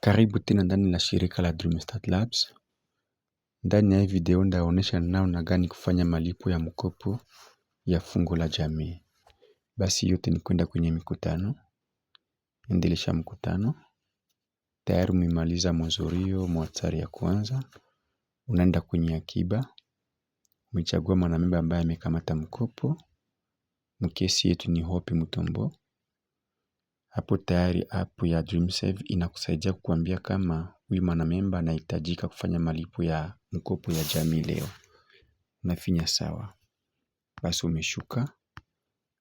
Karibu tena ndani la shirika la DreamStart Labs. Ndani ya hii video ndaonyesha namna gani kufanya malipo ya mkopo ya fungu la jamii. Basi yote ni kwenda kwenye mikutano. Endelesha mkutano. Tayari umemaliza mhudhurio mwatari ya kwanza. Unaenda kwenye akiba. Umechagua mwanamemba ambaye amekamata mkopo. Mkesi yetu ni Hope Mutombo. Hapo tayari app ya DreamSave inakusaidia kukuambia kama huyu mwanamemba anahitajika kufanya malipo ya mkopo ya jamii leo. Unafinya sawa. Basi umeshuka.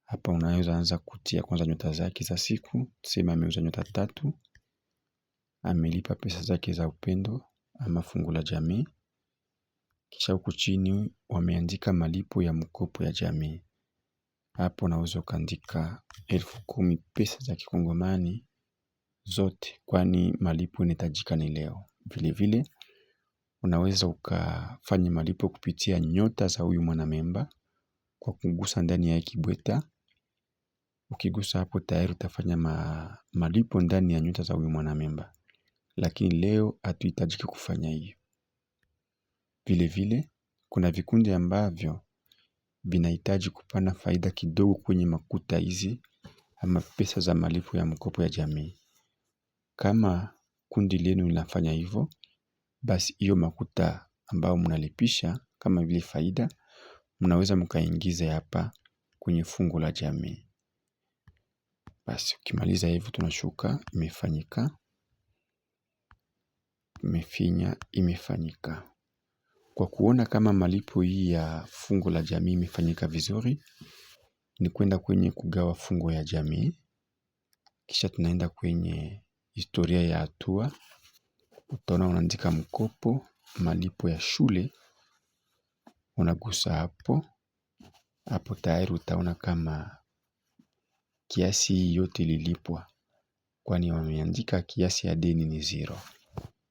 Hapa unaweza anza kutia kwanza nyota zake za siku. sema ameuza nyota tatu. Amelipa pesa zake za upendo ama fungu la jamii. Kisha huku chini wameandika malipo ya mkopo ya jamii. Hapo unaweza ukaandika elfu kumi pesa za kikongomani zote kwani malipo inahitajika ni leo. Vile vile unaweza ukafanya malipo kupitia nyota za huyu mwanamemba kwa kugusa ndani ya kibweta. Ukigusa hapo tayari utafanya malipo ndani ya nyota za huyu mwanamemba. Lakini leo hatuhitajiki kufanya hiyo. Vile vile kuna vikundi ambavyo vinahitaji kupana faida kidogo kwenye makuta hizi ama pesa za malipo ya mkopo ya jamii. Kama kundi lenu linafanya hivyo basi hiyo makuta ambayo mnalipisha kama vile faida, mnaweza mkaingiza hapa kwenye fungu la jamii. Basi ukimaliza hivyo tunashuka imefanyika. Imefinya imefanyika. Kwa kuona kama malipo hii ya fungo la jamii imefanyika vizuri, ni kwenda kwenye kugawa fungo ya jamii. Kisha tunaenda kwenye historia ya hatua. Utaona unaandika mkopo, malipo ya shule, unagusa hapo. Hapo tayari utaona kama kiasi hii yote ililipwa. Kwani wameandika kiasi ya deni ni zero.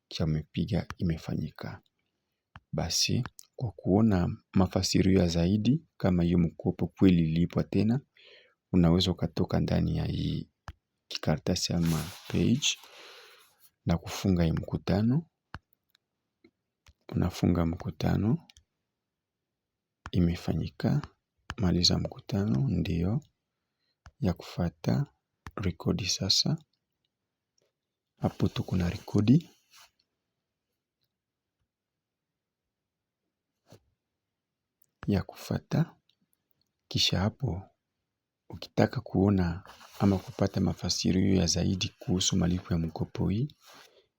Kisha umepiga imefanyika. Basi kwa kuona mafasirio ya zaidi kama hiyo mkopo kweli ililipwa tena, unaweza ukatoka ndani ya hii kikaratasi ama page na kufunga hii mkutano. Unafunga mkutano, imefanyika, maliza mkutano, ndio ya kufata rekodi sasa, hapo tu kuna rekodi, ya kufata. Kisha hapo ukitaka kuona ama kupata mafasirio ya zaidi kuhusu malipo ya mkopo hii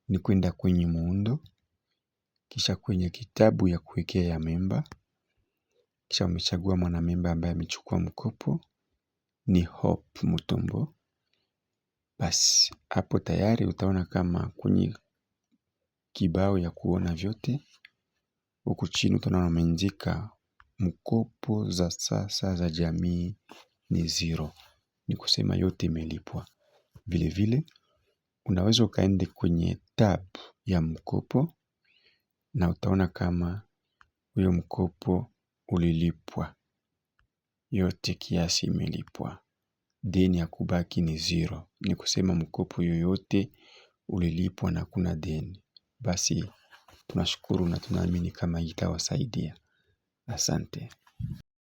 ni kwenda kwenye muundo, kisha kwenye kitabu ya kuwekea ya memba, kisha umechagua mwanamemba ambaye amechukua mkopo ni Hope Mutombo. Basi hapo tayari utaona kama kwenye kibao ya kuona vyote, huku chini utaona wameandika mkopo za sasa za jamii ni zero. Ni kusema yote imelipwa. Vile vile unaweza ukaende kwenye tab ya mkopo na utaona kama huyo mkopo ulilipwa. Yote kiasi imelipwa. Deni ya kubaki ni zero. Ni kusema mkopo yoyote ulilipwa na hakuna deni. Basi tunashukuru na tunaamini kama itawasaidia. Asante.